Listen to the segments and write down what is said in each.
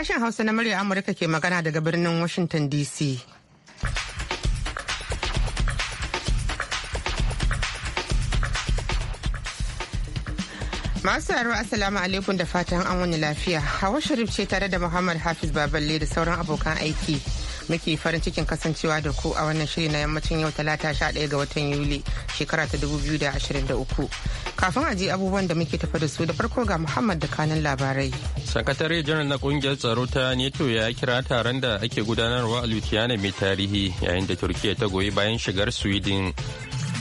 Sashen Hausa na murya Amurka ke magana daga birnin Washington DC. Masu yaro Assalamu alaikum da fatan an wani lafiya. Hawa Sharif ce tare da Muhammad Hafiz Baballe da sauran abokan aiki. muke farin cikin kasancewa da ku a wannan shiri na yammacin yau talata 11 ga watan yuli shekara ta dubu biyu da da ashirin uku kafin a aji abubuwan da muke tafa da su da farko ga muhammad da kanin labarai sakatare janar na kungiyar tsaro ta neto ya kira taron da ake gudanarwa a lutiyana mai tarihi yayin da turkiya ta goyi bayan shigar sweden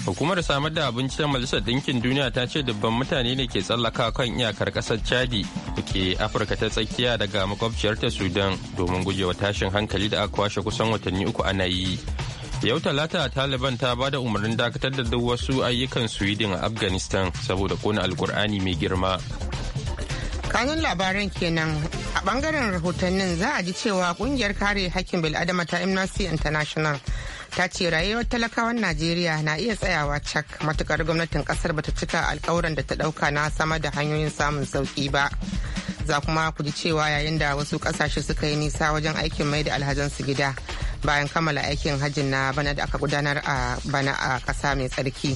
Hukumar samar da abinci ta Majalisar Ɗinkin Duniya ta ce dubban mutane ne ke tsallaka kan iyakar kasar Chadi da ke Afirka ta tsakiya daga makwabciyarta Sudan domin gujewa tashin hankali da aka kwashe kusan watanni uku ana yi. Yau Talata Taliban ta ba da umarnin dakatar da duk wasu ayyukan Sweden a Afghanistan saboda kona alkur'ani mai girma. kanun labaran kenan a bangaren rahotannin za a ji cewa kungiyar kare hakkin bil'adama ta amnesty international ta ce rayuwar talakawan najeriya na iya tsayawa cak matukar gwamnatin kasar bata cika alkawuran da ta dauka na sama da hanyoyin samun sauki ba za kuma ku ji cewa yayin da wasu kasashe suka yi nisa wajen aikin mai da alhazansu gida bayan kammala aikin hajjin na bana da aka gudanar a bana a kasa mai tsarki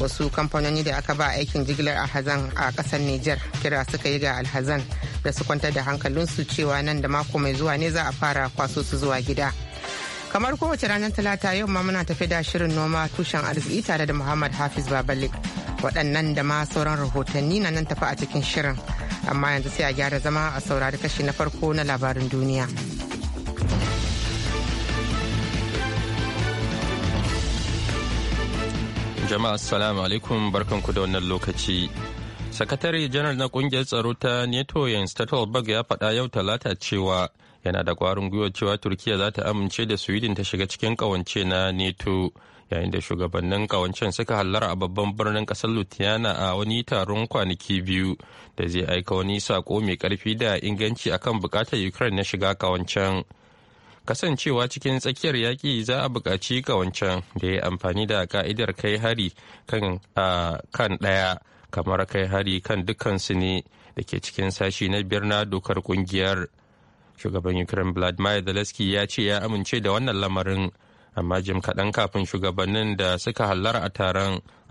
wasu kamfanoni da aka ba aikin jigilar alhazan a kasar niger kira suka yi ga alhazan da su kwantar da hankalinsu cewa nan da mako mai zuwa ne za a fara kwaso su zuwa gida. kamar kowace ranar talata yau ma muna tafi da shirin noma tushen arziki tare da muhammad hafiz babalik waɗannan da ma sauran rahotanni na nan tafi a cikin shirin amma yanzu sai a gyara zama a saurari kashi na farko na labarin duniya jama'a assalamu alaikum barkanku da wannan lokaci sakatare janar na kungiyar tsaro ta neto yanzu ta ya faɗa yau talata cewa yana da kwarin gwiwa cewa turkiya za ta amince da sweden ta shiga cikin kawance na neto yayin da shugabannin kawancen suka hallara a babban birnin kasar lutiyana a wani taron kwanaki biyu da zai aika wani sako mai karfi da inganci akan bukatar ukraine na shiga kawancen kasancewa cikin tsakiyar yaƙi za a buƙaci kawancen da ya amfani da ka'idar kai hari kan ɗaya kamar kai hari kan dukkansu ne da ke cikin sashi na biyar dokar ƙungiyar. shugaban ukraine vladimir zelensky ya ce ya amince da wannan lamarin amma jim kaɗan kafin shugabannin da suka hallara a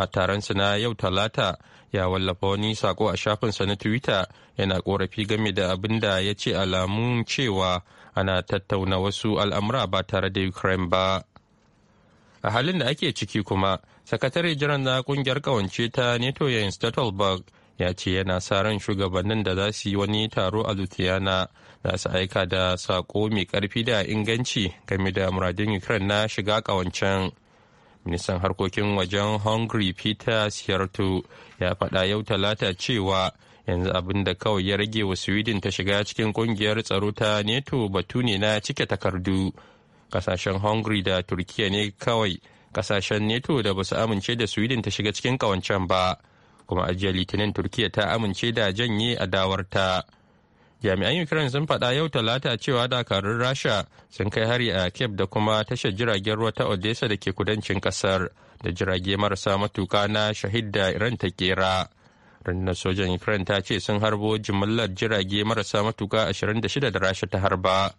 taron su na yau talata ya wallafa wani sako a shafinsa na twitter yana korafi game da abin da ya ce alamun cewa ana tattauna wasu al'amura ba tare da ukraine ba a halin da ake ciki kuma sakatare jiran na kungiyar kawance ta nato yayin ya ce yana sa ran shugabannin da za su yi wani taro a Lutiyana za su aika da sako mai karfi da inganci game da muradin Ukraine na shiga kawancen. Ministan harkokin wajen Hungary Peter Sierto ya faɗa yau talata cewa yanzu abin da kawai ya rage wa Sweden ta shiga cikin kungiyar tsaro ta NATO batu ne na cike takardu. Kasashen Hungary da Turkiya ne kawai kasashen NATO da ba su amince da Sweden ta shiga cikin kawancen ba. kuma a litinin turkiya ta amince da janye adawarta jami'an ukraine sun faɗa yau talata cewa dakarun rasha sun kai hari a cape da kuma tashar jiragen ruwa ta odessa da ke kudancin kasar da jirage marasa matuka na shahid da iran ta kera rundunar sojan ukraine ta ce sun harbo jimillar jirage marasa matuka 26 da rasha ta harba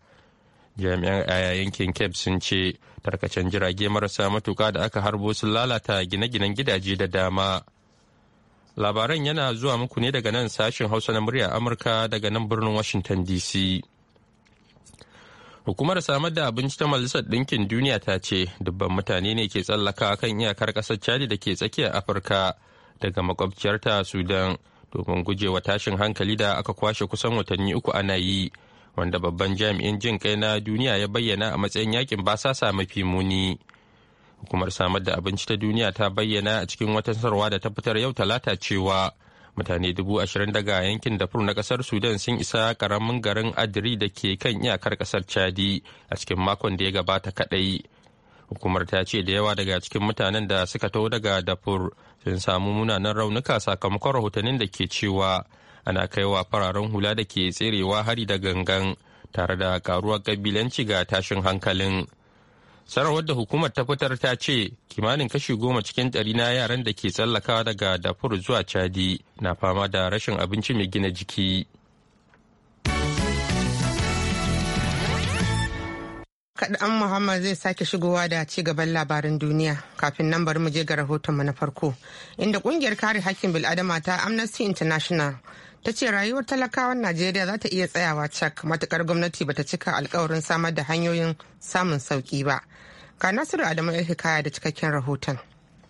jami'an a yankin cape sun ce tarkacen jirage marasa matuka da aka harbo sun lalata gine-ginen gidaje da dama Labaran yana zuwa muku ne daga nan sashen Hausa na murya Amurka daga nan birnin Washington DC. Hukumar samar da abinci ta Majalisar Ɗinkin Duniya ta ce dubban mutane ne ke tsallaka kan iyakar ƙasar Chadi da ke tsakiyar Afirka daga makwabciyarta Sudan domin gujewa tashin hankali da aka kwashe kusan watanni uku ana yi wanda babban jami'in jin kai na duniya ya bayyana a matsayin yakin basasa mafi muni. hukumar samar da abinci ta duniya ta bayyana a cikin wata sarwa da ta fitar yau talata cewa mutane dubu ashirin daga yankin dafur na kasar sudan sun isa karamin garin adiri da ke kan iyakar kasar chadi a cikin makon da ya gabata kadai hukumar ta ce da yawa daga cikin mutanen da suka taho daga dafur sun samu munanan raunuka sakamakon rahotannin da ke cewa ana kaiwa fararen hula da ke tserewa hari da gangan tare da karuwar kabilanci ga tashin hankalin. sarar da hukumar ta fitar ta ce kimanin kashi goma cikin ɗari na yaran da ke tsallakawa daga dafur zuwa chadi na fama da rashin abinci mai gina jiki an Muhammad zai sake shigowa da ci gaban labarin duniya kafin nan bari mu je ga rahotonmu na farko inda kungiyar kare hakkin bil'adama ta Amnesty International ta ce rayuwar talakawan najeriya za ta iya tsayawa cak matukar gwamnati bata cika alkawarin samar da hanyoyin samun sauki ba ga nasiru adamu hikaya da cikakken rahoton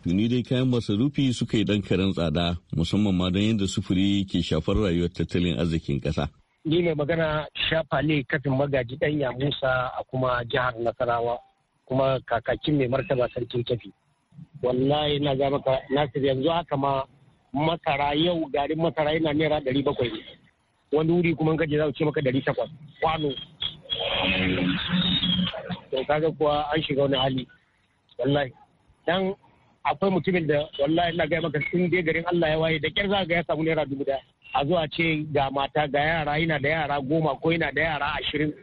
tuni dai kayan masarufi suka yi dan karen tsada musamman ma don yadda sufuri ke shafar rayuwar tattalin arzikin kasa ni mai magana shafa ne kafin magaji danya musa a kuma jihar nasarawa kuma kakakin mai martaba sarkin kafi wallahi na ga maka nasir yanzu haka ma masara yau garin masara yana naira ɗari bakwai ne wani wuri kuma kaje za ce maka ɗari takwas kwano to kaga kuwa an shiga wani hali wallahi dan akwai mutumin da wallahi ina gaya maka sun dai garin Allah ya waye da kyar za ga ya samu naira dubu daya a zuwa ce ga mata ga yara yana da yara goma ko yana da yara ashirin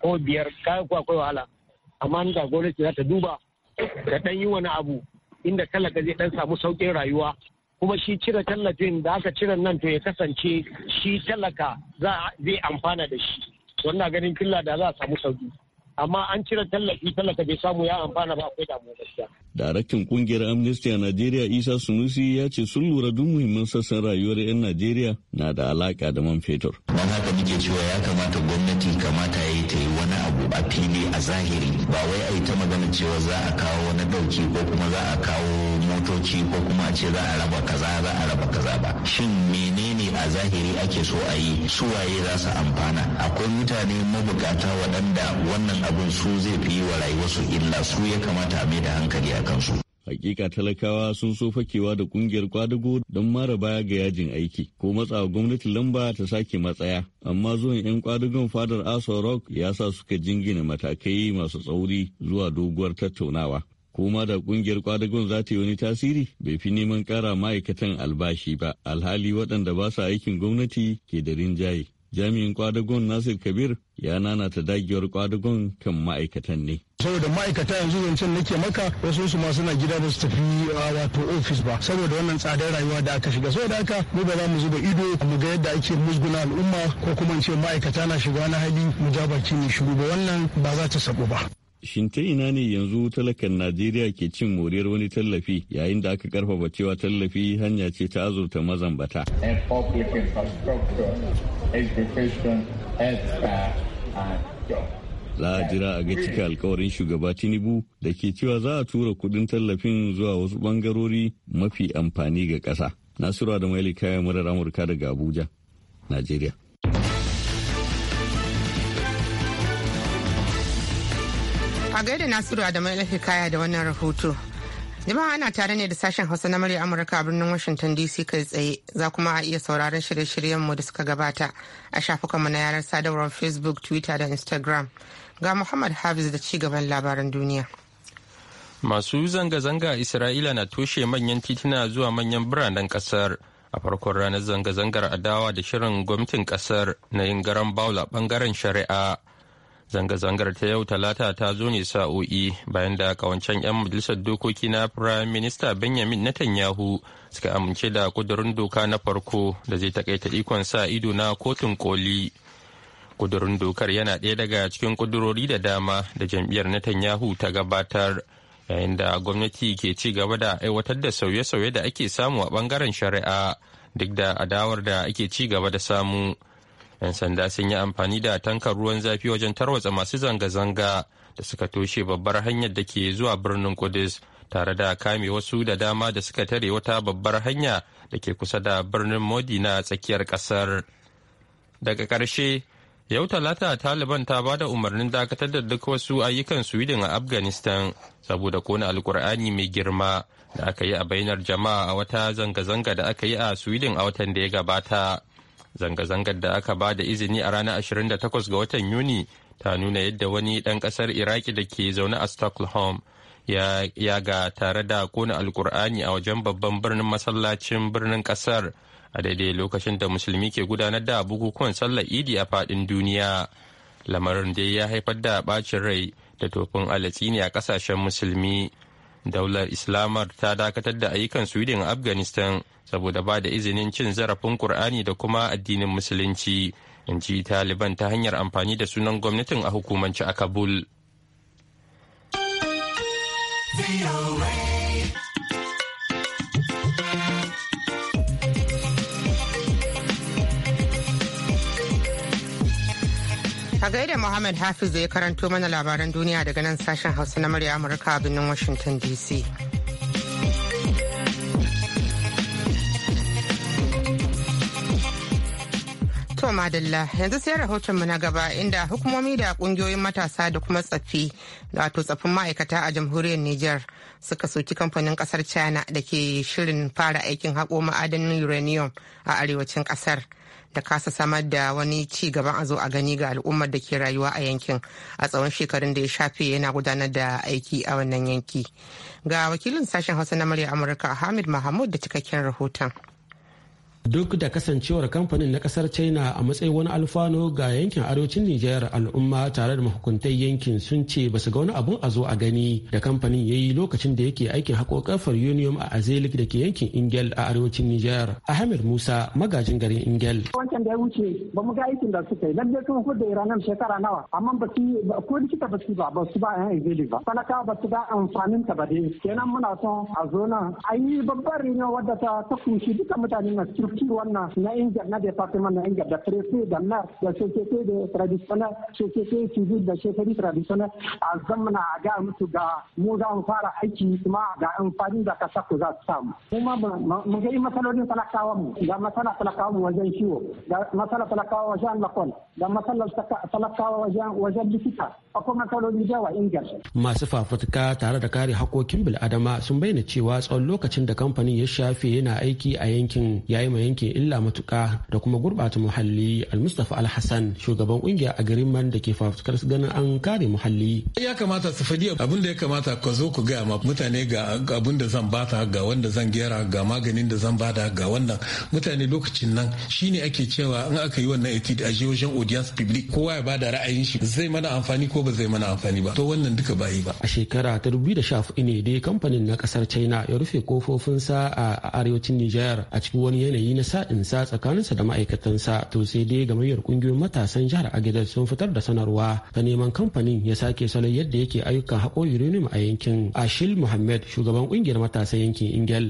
ko biyar kaga kuwa akwai wahala amma da gwamnati za ta duba da dan yi wani abu inda talaka zai dan samu saukin rayuwa kuma shi cire tallafin da aka cire nan to ya kasance shi talaka za zai amfana da shi wannan ganin killa da za a samu sauki amma an cire tallafi talaka bai samu ya amfana ba akwai damuwa gaskiya. Daraktan kungiyar Amnesty a Najeriya Isa Sunusi ya ce sun lura duk muhimman sassan rayuwar 'yan Najeriya na da alaƙa da man fetur. Don haka muke cewa ya kamata gwamnati kamata a fili a zahiri ba wai a yi ta magana cewa za a kawo na dauki ko kuma za a kawo motoci ko kuma a ce za a raba kaza za a raba kaza ba shin menene a zahiri ake so a yi su waye za su amfana akwai mutane mabukata waɗanda wannan abun su zai fi yi wa rayuwarsu illa su ya kamata a mai da hankali a kansu hakika talakawa sun so fakewa da kungiyar kwadago don mara baya ga yajin aiki ko matsawa gwamnati lamba ta sake matsaya amma zuwan 'yan kwadagon fadar aso rock ya sa suka jingina matakai masu tsauri zuwa doguwar tattaunawa kuma da kungiyar kwadagon za ta yi wani tasiri bai fi neman kara ma'aikatan albashi ba alhali waɗanda ba sa aikin gwamnati ke da rinjaye jami'in kwadagon nasir kabir ya nana ta dagewar kwadagon kan ma'aikatan ne saboda ma'aikata yanzu zancen nake maka wasu su ma suna gida da su tafi wato ofis ba saboda wannan tsadar rayuwa da aka shiga saboda haka mu ba za mu zuba ido mu ga yadda ake musguna al'umma ko kuma ce ma'aikata na shiga na hali mu ja baki ne shiru ba wannan ba za ta sabu ba Shin ta ina ne yanzu talakan Najeriya ke cin moriyar wani tallafi yayin da aka karfafa cewa tallafi hanya ce ta azurta mazambata. And za a jira a ga cika alkawarin shugaba tinubu da ke cewa za a tura kudin tallafin zuwa wasu bangarori mafi amfani ga kasa nasiru da maili kayan murar amurka daga abuja najeriya a gaida nasiru da maili kaya da wannan rahoto jama'a ana tare ne da sashen hausa na murya amurka a birnin washington dc kai tsaye za kuma a iya sauraron shirye-shiryenmu da suka gabata a shafukanmu na yanar sadarwar facebook twitter da instagram ga Muhammad Hafiz da ci labaran duniya. Masu zanga-zanga a Isra'ila na toshe manyan tituna zuwa manyan biranen kasar a farkon ranar zanga-zangar adawa da shirin gwamnatin kasar na yin garan baula bangaren shari'a. Zanga-zangar ta yau talata ta zo ne sa'o'i bayan da kawancen 'yan majalisar dokoki na Firayim Minista Benjamin Netanyahu suka amince da kudurin doka na farko da zai takaita ikon sa ido na kotun koli. kudurin dokar yana ɗaya daga cikin kudurori da dama da jam'iyyar Netanyahu ta gabatar yayin da gwamnati ke ci gaba da aiwatar da sauye-sauye da ake samu a bangaren shari'a duk da adawar da ake ci gaba da samu. 'Yan sanda sun yi amfani da tankar ruwan zafi wajen tarwatsa masu zanga-zanga da suka toshe babbar hanyar da ke zuwa birnin Kudus tare da kame wasu da dama da suka tare wata babbar hanya da ke kusa da birnin Modi na tsakiyar ƙasar. Daga ƙarshe, Yau Talata Taliban ta ba da umarnin dakatar da duk wasu ayyukan Sweden a Afghanistan saboda kona alkur'ani mai girma da aka yi a bainar jama'a a wata zanga-zanga da aka yi a Sweden a watan da ya gabata. Zanga-zangar da aka ba da izini a ranar 28 ga watan Yuni ta nuna yadda wani ɗan ƙasar Iraki da ke zaune a Stockholm ya ga tare da kona alkur'ani a wajen babban birnin masallacin birnin ƙasar. a daidai lokacin da musulmi ke gudanar da bukukuwan sallar idi a fadin duniya lamarin dai ya haifar da bacin rai da tofin alatsini a kasashen musulmi daular islamar ta dakatar da ayyukan sweden afghanistan saboda ba da izinin cin zarafin kur'ani da kuma addinin musulunci in ji taliban ta hanyar amfani da sunan gwamnatin a hukumanci a kabul. A gaida Muhammad Hafiz ya karanto mana labaran duniya daga nan sashen Hausa na murya Amurka a birnin Washington DC. To madalla yanzu sai rahotonmu na gaba inda hukumomi da kungiyoyin matasa da kuma tsaffi wato tsaffin ma'aikata a jamhuriyar Nijar suka soki kamfanin kasar China da ke shirin fara aikin haƙo ma'adanin uranium a arewacin kasar. ta kasa samar da wani ci gaban a zo a gani ga al'ummar da ke rayuwa a yankin a tsawon shekarun da ya shafe yana gudanar da aiki a wannan yanki. Ga wakilin sashen Hausa na murya Amurka Hamid Mahmud da cikakken rahoton. duk da kasancewar kamfanin na kasar china a matsayin wani alfano ga yankin arewacin nijar al'umma tare da mahukuntai yankin sun ce ba su ga wani abun a zo a gani da kamfanin ya yi lokacin da yake aikin hako kafar union a azelik da ke yankin ingel a arewacin nijar ahmed musa magajin garin ingel wancan da ya wuce ba mu ga aikin da suka yi lalle sun da iranan shekara nawa amma ba su ko likita ba su ba ba su ba yan azelik ba talaka ba su ga amfanin ta ba dai kenan muna son a zo nan an yi babbar rino wadda ta kunshi duka mutane na cikin partie wannan na Injab na departement na Injab da prefe da nas da société de traditionnel société civil da shekaru traditionnel a zamana a ga musu ga mu za mu fara aiki kuma ga amfani da kasa ku za su samu. Kuma mu ga matsalolin talakawa mu ga matsala talakawa mu wajen kiwo ga matsala talakawa wajen lakon da matsala talakawa wajen wajen likita akwai matsaloli da yawa Injab. Masu fafutuka tare da kare hakokin bil'adama sun bayyana cewa tsawon lokacin da kamfanin ya shafe yana aiki a yankin yayi mai yanke illa matuka da kuma gurbata muhalli almustafa alhassan shugaban kungiya a garin man da ke fafutukar ganin an kare muhalli ya kamata su fadi abin da ya kamata ka zo ku gaya ma mutane ga abin da zan bata ga wanda zan gera ga maganin da zan bada ga wannan mutane lokacin nan shine ake cewa in aka yi wannan etid a jihohin audience public kowa ya bada ra'ayin shi zai mana amfani ko ba zai mana amfani ba to wannan duka ba yi ba a shekara ta 2014 ne dai kamfanin na kasar china ya rufe kofofinsa a arewacin nijar a cikin wani yanayi yi na tsakanin tsakaninsa da ma'aikatansa to sai dai gamayyar kungiyoyin matasan jihar agadez sun fitar da sanarwa ta neman kamfanin ya sake salon yadda yake ayyukan haƙo uranium a yankin ashil muhammad shugaban kungiyar matasan yankin ingel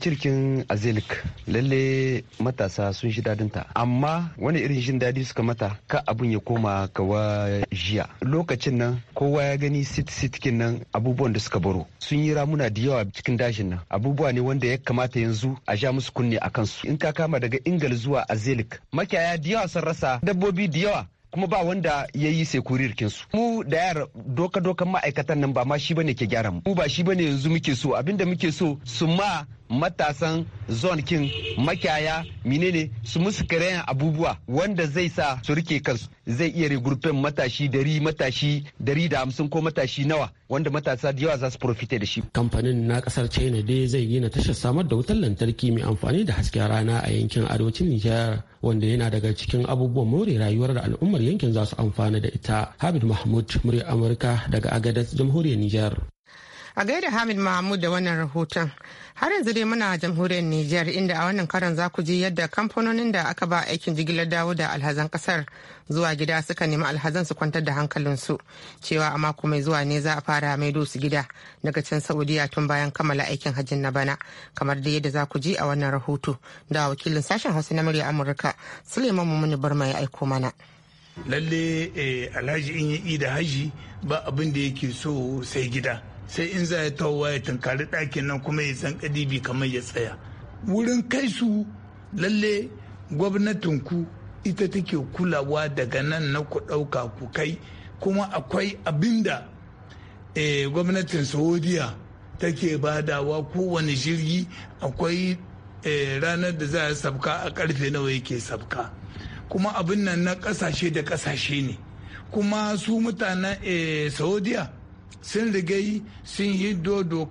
cirkin eh, azilik lalle matasa sun shi ta amma wani irin jin dadi suka mata ka abun ya koma kawa jiya lokacin nan kowa ya gani sit sitkin nan abubuwan da suka baro sun yi ramuna da yawa cikin dashin nan abubuwa ne wanda ya kamata yanzu a ja musu kunne a kansu in ka kama daga ingal zuwa azelik makiyaya da yawa sun rasa dabbobi da yawa kuma ba wanda ya yi sekurirkin su mu da yara doka dokan ma'aikatan nan ba ma shi bane ke gyara mu ba shi bane yanzu muke so abinda muke so su ma matasan zone king makiyaya menene su musu karayan abubuwa wanda zai sa su rike kansu zai iya regroupin matashi dari matashi dari da hamsin ko matashi nawa wanda matasa da yawa za su profite da shi kamfanin na kasar china dai zai gina tashar samar da wutar lantarki mai amfani da hasken rana a yankin arewacin nijar wanda yana daga cikin abubuwan more rayuwar da al'ummar yankin za su amfana da ita habib mahmud murya amurka daga agadas jamhuriyar nijar a gaida hamid mahmud da wannan rahoton Har yanzu dai muna jamhuriyar Nijar inda a wannan karan za ku ji yadda kamfanonin da aka ba aikin jigilar dawo da alhazan kasar zuwa gida suka nemi alhazan su kwantar da hankalin su cewa a mako mai zuwa ne za a fara maido su gida daga can Saudiya tun bayan kammala aikin hajjin na bana kamar dai yadda za ku ji a wannan rahoto da wakilin sashen Hausa na murya Amurka Suleiman Mumuni Barma ya aiko mana. Lalle eh, Alhaji in yi da haji ba abin da yake so sai gida. sai in za ya tawowa ya tunkari ɗakin nan kuma ya san kadibi kamar ya tsaya wurin kai su lalle gwamnatin ku ita take kulawa daga nan na ku ɗauka ku kai kuma akwai abinda eh, gwamnatin saudiya take badawa kowane jirgi akwai eh, ranar da za a sabka a karfe nawa yake sabka kuma abin nan na kasashe da kasashe ne kuma su mutanen eh, saudiya sun rigai sun hiddo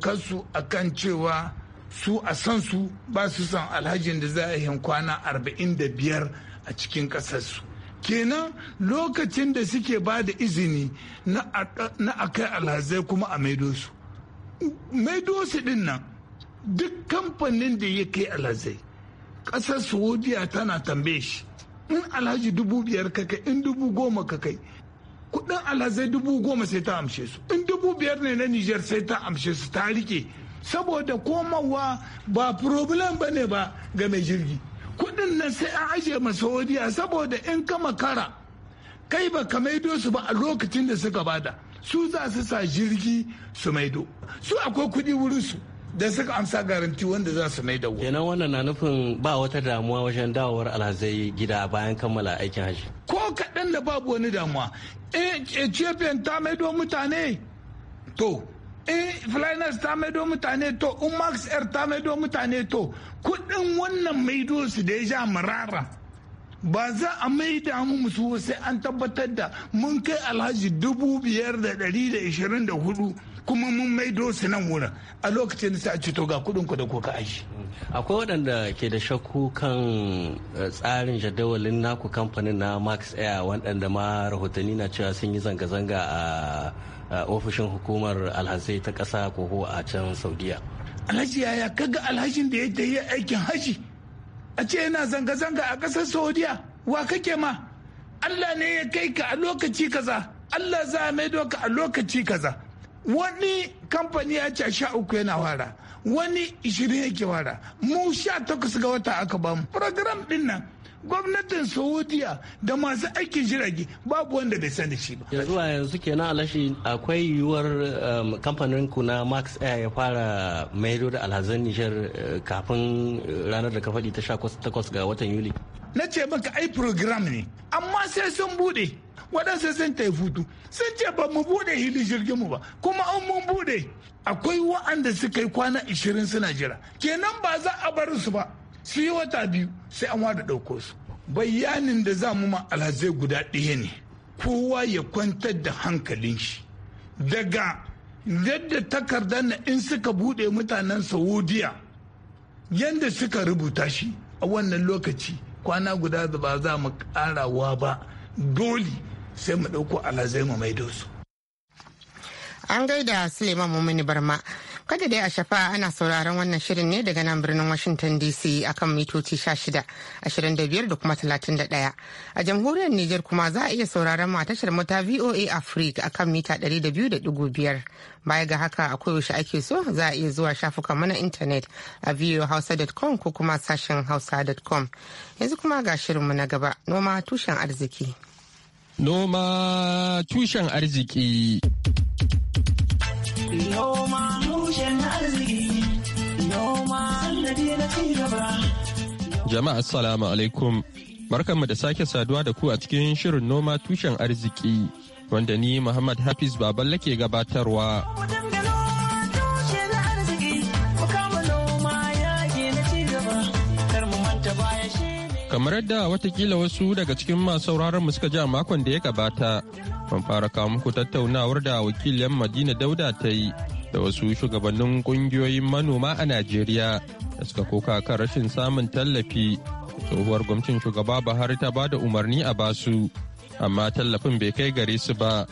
a kan cewa su a san su ba su san alhajin da za a yi kwana 45 a cikin ƙasarsu kenan lokacin da suke ba da izini na a kai alhazai kuma a maido su maido su din nan duk kamfanin da ya kai alhazai ƙasar saudiya tana tambaye shi in alhaji dubu biyar ka in dubu goma kakai kudin alhazai dubu goma sai ta amshe su in dubu biyar ne na nijar sai ta amshe su ta rike saboda komawa ba problem ba ne ba ga mai jirgi kudin nan sai an ajiye ma saudiya saboda in ka makara kai ba ka maido su ba a lokacin da suka bada su za su sa jirgi su maido su akwai kudi wurin su da suka amsa garanti wanda za su maida wa. Yana wannan na nufin ba wata damuwa wajen dawowar alhazai gida bayan kammala aikin hajji. Ko kaɗan da babu wani damuwa Eh, ethiopian ta maido mutane to in eh, flyers ta maido mutane to in max air ta maido mutane to kudin wannan maido su da ya ja murara ba za a mai da musu sai an tabbatar da mun kai alhaji dubu biyar da ɗari da ishirin da hudu kuma mun maido su nan wurin a lokacin da sa'a cito ga kuɗin da koka aji. akwai waɗanda ke da shakku kan eh, tsarin jadawalin naku kamfanin na max air waɗanda ma rahotanni na cewa sun yi zanga-zanga a ofishin hukumar alhazai ta ƙasa ko a can saudiya alhaji yaya kaga alhajin da ya yi aikin haji a ce yana zanga-zanga a ƙasar saudiya wa kake ma allah ne ya kai ka a lokaci kaza allah za a maido ka a lokaci kaza wani kamfani ya ce sha uku yana wara wani ishirin yake wara mu sha takwas ga wata aka bamu program din nan gwamnatin saudiya da masu aikin jirage babu wanda bai sani shi ba yanzu a yanzu ke kenan alashi akwai yiwuwar um, kamfanin ku na max air ya fara maido da alhazan nishar uh, kafin uh, ranar da ka ta 18 ga watan yuli na ce maka ai program ne amma sai sun bude waɗansu sun ta hutu sun ce ba mu bude hili jirgin mu ba kuma an mun bude akwai wa'anda suka yi kwana 20 suna jira kenan ba za a bar su ba su yi wata biyu sai an wada ɗauko su bayanin da za mu ma alhazai guda ɗaya ne kowa ya kwantar da hankalin shi daga yadda takardar na in suka buɗe mutanen saudiya yadda suka rubuta shi a wannan lokaci kwana guda da ba za mu ƙarawa ba dole sai mu ɗauko alhazai mu maido su an gaida suleiman mummuni barma Kada dai a shafa ana sauraron wannan shirin ne daga nan birnin Washington DC akan mitoci 16, ashirin da biyar da kuma 31. A jamhuriyar niger kuma za a iya sauraron matashar mata VOA Africa akan mita da da 200.5. Baya ga haka a koyaushe ake so za a iya zuwa shafukan mana intanet a voahausa.com ko kuma sashen hausa.com. Yanzu kuma ga shirinmu na gaba noma tushen arziki. Noma tushen arziki. Noma Jama'a assalamu alaikum. Barkanmu da sake saduwa da ku a cikin shirin noma tushen arziki wanda ni Muhammad Hafiz Baballe ke gabatarwa. kamar yadda watakila wasu daga cikin masu sauraron mu suka ji a makon da ya gabata mun fara kawo muku tattaunawar da wakilin madina dauda ta yi da wasu shugabannin kungiyoyin manoma a Najeriya da suka koka kan rashin samun tallafi. Tsohuwar gwamnatin shugaba Buhari ta ba da umarni a basu, amma tallafin bai kai gare su ba.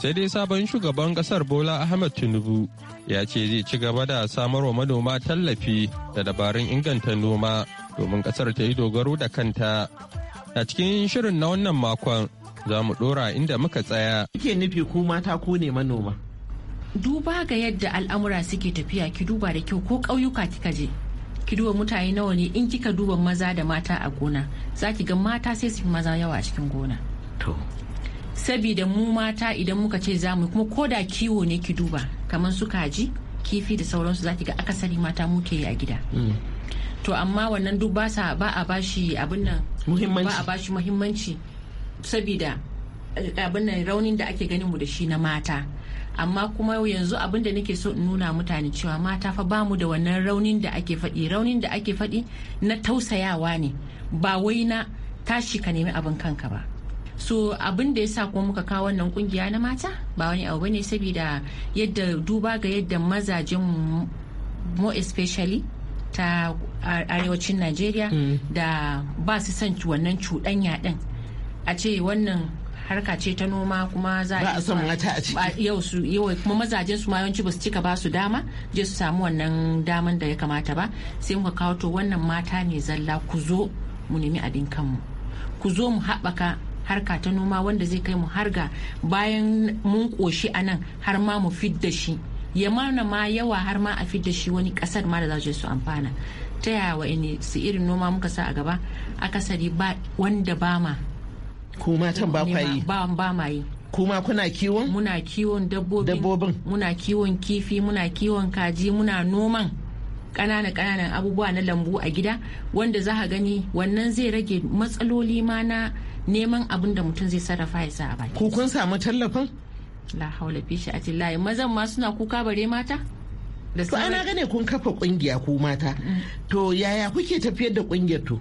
Sai dai sabon shugaban kasar Bola Ahmed Tinubu ya ce zai ci gaba da samar wa manoma tallafi da dabarun inganta noma domin kasar ta yi dogaro da kanta. A cikin shirin na wannan makon za mu dora inda muka tsaya. Kike nufi ku mata ku ne manoma. duba ga yadda al'amura suke tafiya ki duba da kyau ko ƙauyuka kika je ki duba mutane nawa ne in kika duba maza da mata a gona za ki ga mata sai su fi maza yawa a cikin gona to sabida mu mata idan muka ce za mu kuma ko da kiwo ne ki duba kamar su kaji kifi da sauransu za ki ga akasari mata muke yi a gida mm. to amma wannan duk ba a bashi abin nan ba a bashi muhimmanci sabida eh, abin nan raunin da ake ganin mu da shi na mata amma kuma yanzu abin da nake so in nuna mutane cewa mata fa bamu da wannan raunin da ake faɗi raunin da ake faɗi na tausayawa ne ba wai na tashi ka nemi abin kanka ba so abin da ya sa kuma muka kawo wannan kungiya na mata ba wani abu bane saboda yadda duba ga yadda mazajen more especially ta arewacin najeriya mm. da ba su son wannan cuɗanya ɗin a ce wannan harka ce ta noma kuma za a son mata a ciki yau su yau kuma mazajen su ma yawanci ba su cika ba su dama je su samu wannan daman da ya kamata ba sai muka kawo to wannan mata ne zalla ku zo mu nemi abin kanmu ku zo mu haɓaka harka ta noma wanda zai kai mu harga bayan mun koshi a nan har ma mu fid da shi ya mana ma yawa har ma a fid da shi wani kasar ma da za su amfana ta yaya wa su irin noma muka sa a gaba akasari ba wanda ba ma ku matan ba kwa yi ba ba ma yi kuma kuna kiwon muna kiwon dabbobin muna kiwon kifi muna kiwon kaji muna noman kanana kananan abubuwa na lambu a gida wanda za a gani wannan zai rage matsaloli ma na neman abin da mutum zai sarrafa ya sa a baki ku kun samu tallafin la haula fi sha'ati lahi mazan ma suna kuka bare mata to ana gane kun kafa kungiya ku mata mm. to yaya kuke tafiyar da kungiyar to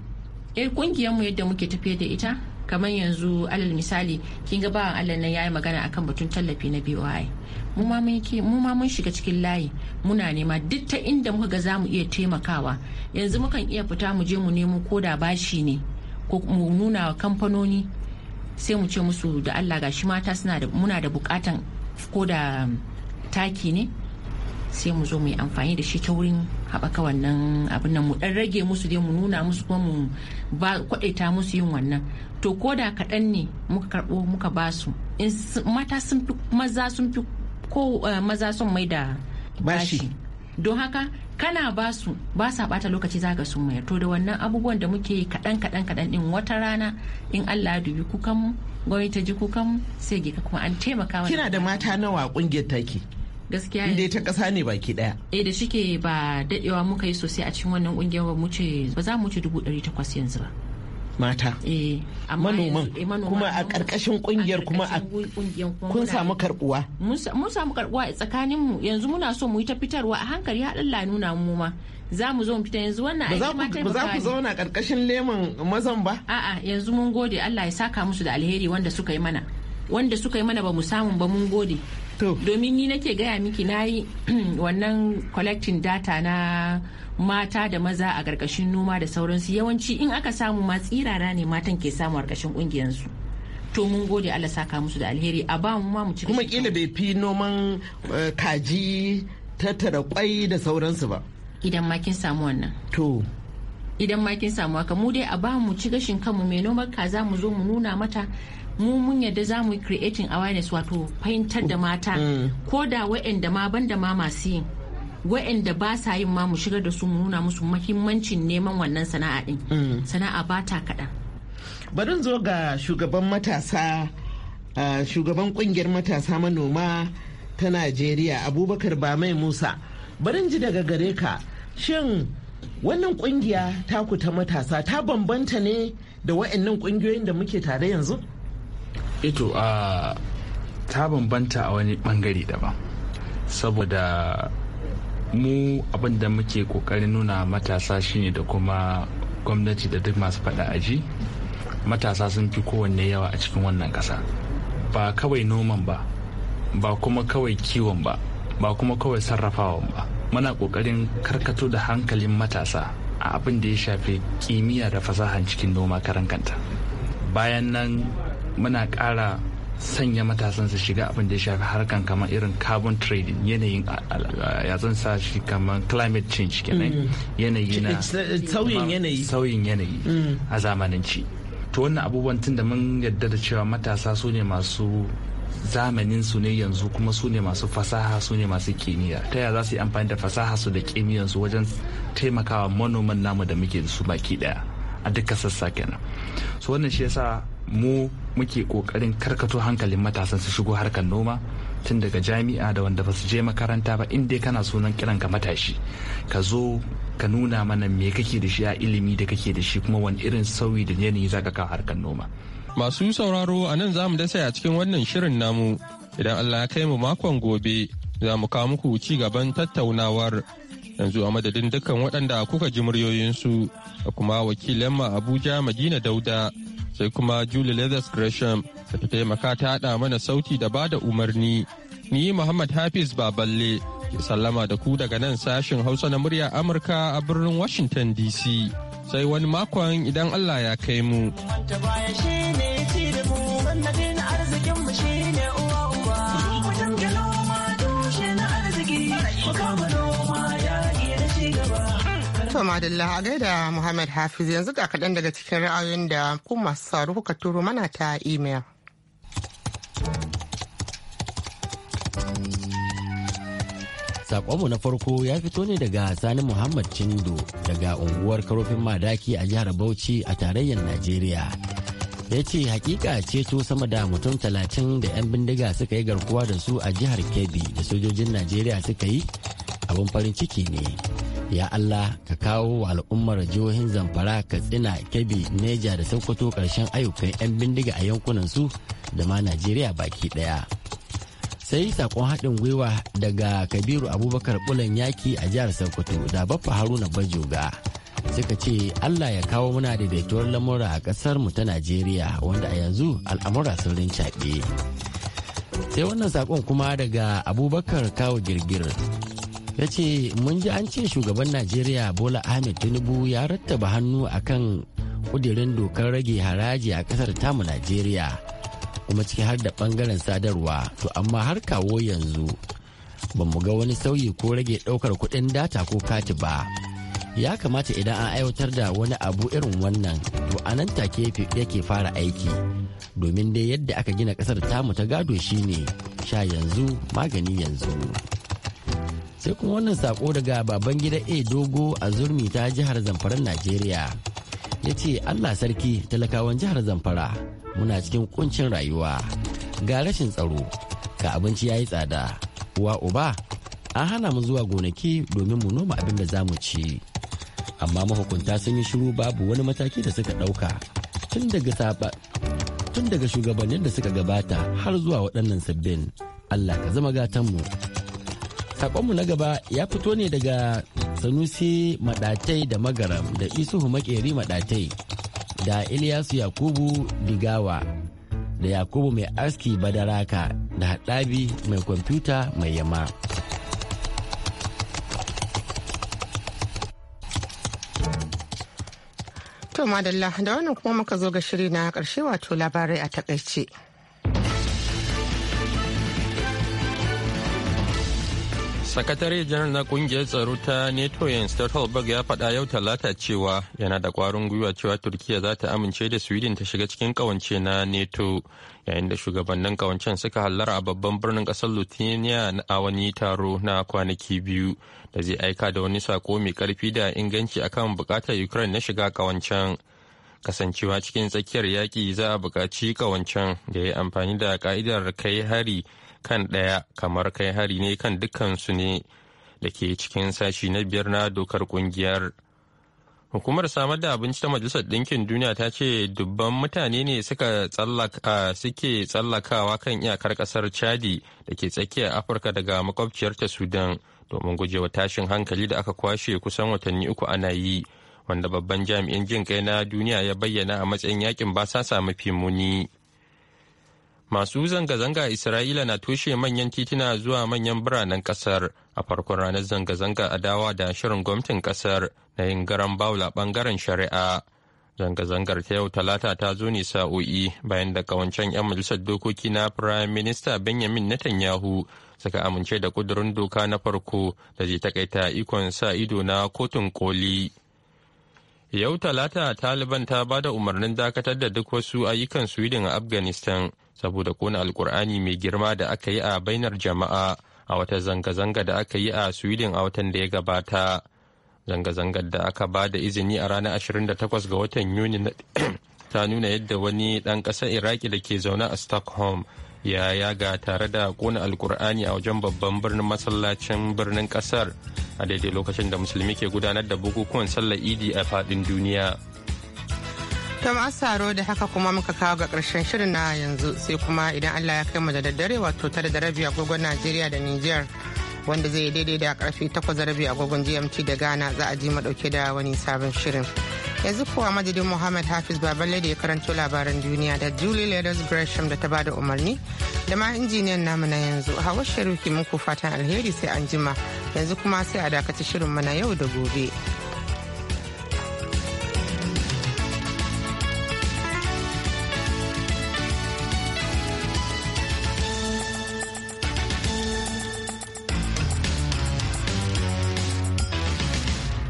eh kungiyar mu yadda muke tafiyar da ita kamar yanzu alal misali kin ga bawan allah nan yayi magana akan batun tallafi na BOI mu ma mun shiga cikin layi muna nema duk ta inda muka ga zamu iya taimakawa yanzu mukan iya fita mu je mu nemo koda bashi ne ko mu nuna wa kamfanoni sai mu ce musu da allah gashi mata suna da muna da bukatan koda taki ne sai mu zo mu yi amfani da shi ta wurin haɓaka wannan abin nan mu ɗan rage musu dai mu nuna musu kuma mu ba musu yin wannan to ko da kaɗan ne muka karɓo muka ba su mata sun fi maza sun fi ko eh, maza sun mai da bashi don haka kana ba su ba sa bata lokaci zaka sun mayar to da wannan abubuwan da muke kaɗan kaɗan kaɗan din wata rana in Allah ya dubi kukan mu gwamnati ji kukan mu sai ga kuma an taimaka kina da mata nawa kungiyar take gaskiya inda ta kasa ne baki daya eh da shike ba dadewa muka yi sosai a cikin wannan kungiyar ba mu ce ba za mu ci dubu takwas yanzu ba mata eh, amma manoman eh, kuma a karkashin kungiyar kuma a kun samu karbuwa mun samu karbuwa a tsakanin mu yanzu muna so mu yi ta fitarwa a hankali ya Allah nuna mu ma za mu zo mu fita yanzu wannan aiki mata ba za ku zauna karkashin leman mazan ba a'a yanzu mun gode Allah ya saka musu da alheri wanda suka yi mana wanda suka yi mana ba mu samu ba mun gode domin ni nake gaya miki na yi wannan collecting data na mata da maza a ƙarƙashin noma da sauransu yawanci in aka samu ma tsirara ne matan ke samu a ƙarƙashin ƙungiyarsu to mun gode Allah saka musu da alheri a ba mu ma mu ci kuma kila bai fi noman eh, kaji tattara kwai da sauransu ba idan ma kin samu wannan to idan ma kin samu haka mu dai a ba mu ci gashin kanmu mai noman kaza mu zo mu nuna mata mu mun yadda za mu yi creating awareness wato fahimtar da mata mm. ko da wa'anda ma banda ma masu yin wa'anda ba sa yin ma mu shigar da su mu nuna musu mahimmancin neman wannan sana'a din mm. sana'a ba ta kaɗan bari zo ga shugaban matasa shugaban kungiyar matasa manoma ta najeriya abubakar bamai musa barin ji daga gare ka shin wannan kungiya ku ta matasa ta bambanta ne da wa'annan kungiyoyin da muke tare yanzu ito a ta bambanta a wani bangare daban saboda mu abin da muke kokarin nuna matasa shine da kuma gwamnati da duk masu faɗa aji matasa sun fi kowanne yawa a cikin wannan kasa ba kawai noman ba ba kuma kawai kiwon ba ba kuma kawai sarrafawan ba muna kokarin karkato da hankalin matasa a abin da ya shafi kimiyya da fasahan cikin noma karan bayan nan muna kara sanya matasan su shiga abin da ya shafi harkan kamar irin carbon trading yanayin ya zan sa shi kamar climate change kenan mm. yanayi na eh, eh, sauyin yanayi sauyin yanayi mm. a zamananci to wannan abubuwan tun da mun yadda da cewa matasa su ne masu zamanin su ne yanzu kuma su ne masu fasaha su ne masu kimiyya ta yaya za su yi amfani da fasaha su da kimiyyan su wajen taimakawa manoman namu da muke da su baki daya a duka sassa kenan so wannan shi yasa mu muke kokarin karkato hankalin matasan su shigo harkar noma tun daga jami'a da wanda ba su je makaranta ba inda kana sunan kiran ka matashi ka zo ka nuna mana me kake da shi a ilimi da kake da shi kuma wani irin sauyi da yanayi zaka kawo harkar noma masu sauraro a nan za mu dasa a cikin wannan shirin namu idan allah ya kai mu makon gobe za mu kawo muku ci gaban tattaunawar yanzu a madadin dukkan waɗanda kuka ji muryoyinsu da kuma wakilin ma abuja madina dauda sai kuma Julie Leathers Gresham ta taimaka ta haɗa mana sauti da ba da umarni. Ni Muhammad Hafiz Baballe ke sallama da ku daga nan sashin Hausa na murya Amurka a birnin Washington DC. Sai wani makon idan Allah ya kai mu. To madalla a gaida Muhammad Hafiz yanzu ga kaɗan daga cikin ra'ayoyin da kuma masu sauraro kuka turo mana ta imel. Sakonmu na farko ya fito ne daga Sani Muhammad cindo daga unguwar karofin madaki a jihar Bauchi a tarayyar Najeriya. Ya ce hakika ceto sama da mutum talatin da 'yan bindiga suka yi garkuwa da su a jihar Kebbi da sojojin Najeriya suka yi abin farin ciki ne. ya Allah ka kawo wa al'ummar jihohin zamfara katsina kebbi neja da sokoto karshen ayyukan 'yan bindiga a yankunan su da ma najeriya baki daya sai sakon haɗin gwiwa daga kabiru abubakar bulan yaki a jihar sokoto da baffa haruna bajoga suka ce allah ya kawo muna daidaituwar lamura a ƙasar mu ta najeriya wanda a yanzu al'amura sun rincaɓe sai wannan sakon kuma daga abubakar kawo girgir ya ce mun ji an ce shugaban najeriya bola ahmed tinubu ya rattaba hannu akan kudirin dokar rage haraji a kasar tamu najeriya kuma ciki har da bangaren sadarwa to amma har kawo yanzu ba mu ga wani sauyi ko rage daukar kudin data ko kati ba ya kamata idan an aiwatar da wani abu irin wannan to a nan take yake fara aiki domin dai yadda aka gina kasar tamu ta gado shine sha yanzu magani yanzu. sai kuma wannan sako daga baban gida a dogo a zurmi ta jihar zamfara najeriya ya ce allah sarki talakawan jihar zamfara muna cikin kuncin rayuwa ga rashin tsaro ka abinci ya yi tsada uwa uba an hana mu zuwa gonaki domin mu noma abin da zamu ci amma mahukunta sun yi shiru babu wani mataki da suka ɗauka tun daga shugabannin da suka gabata har zuwa waɗannan sabbin allah ka zama gatanmu Sakonmu na gaba ya fito ne daga Sanusi Madatai da Magaram da Isuhu Makeri Madatai da Ilyasu Yakubu Digawa da Yakubu mai aski Badaraka da Haɗabi mai kwamfuta mai yama. To da wannan kuma muka zo ga shiri na ƙarshe wato labarai a takaice. sakatare janar na kungiyar tsaro ta neto jens stoltenberg ya faɗa yau talata cewa yana da ƙwarin gwiwa cewa turkiya za ta amince da sweden ta shiga cikin kawance na neto yayin da shugabannin kawancen suka hallara a babban birnin ƙasar lithuania a wani taro na kwanaki biyu da zai aika da wani sako mai ƙarfi da inganci akan buƙatar ukraine na shiga kawancen kasancewa cikin tsakiyar yaƙi za a buƙaci kawancen da ya yi amfani da ka'idar kai hari kan ɗaya kamar kai hari ne kan dukkansu ne da ke cikin sashi na biyar na dokar kungiyar. Hukumar samar da abinci ta Majalisar Ɗinkin Duniya ta ce dubban mutane ne suka tsallaka suke tsallakawa kan iyakar ƙasar Chadi da ke tsakiyar Afirka daga makwabciyarta Sudan domin gujewa tashin hankali da aka kwashe kusan watanni uku ana yi wanda babban jami'in jin kai na duniya ya bayyana a matsayin yakin basasa mafi muni. Masu zanga-zanga Isra'ila na toshe manyan tituna zuwa manyan biranen kasar a farkon ranar zanga-zanga a dawa da shirin gwamnatin kasar na yin garan baula bangaren shari'a. Zanga-zangar ta yau talata ta zo ne sa'o'i bayan da kawancen 'yan majalisar dokoki na Firayim Minista Benjamin Netanyahu suka amince da kudurin doka na farko da zai takaita ikon sa ido na kotun koli. Yau talata Taliban ta ba da umarnin dakatar da duk wasu ayyukan Sweden a Afghanistan. saboda kona alkur'ani mai girma da aka yi a bainar jama'a a wata zanga-zanga da aka yi a sweden a watan da ya gabata zanga-zangar da aka ba da izini a ranar 28 ga watan yuni ta nuna yadda wani ɗan ƙasar iraki da ke zaune a stockholm ya yaga tare da kona alkur'ani a wajen babban birnin masallacin birnin ƙasar a daidai lokacin da musulmi ke gudanar da bukukuwan sallar idi a faɗin duniya. ma saro da haka kuma muka kawo ga karshen shirin na yanzu sai kuma idan allah ya kai mu da daddare wato tare da rabi agogon najeriya da niger wanda zai daidai da karfi takwas darabi rabi agogon gmt da ghana za a ji mu dauke da wani sabon shirin yanzu kuwa madadin muhammad hafiz baballe da ya karanto labaran duniya da julie leathers gresham da ta bada umarni da ma injiniyan namu na yanzu hawa sharuki muku fatan alheri sai an jima yanzu kuma sai a dakaci shirin mana yau da gobe.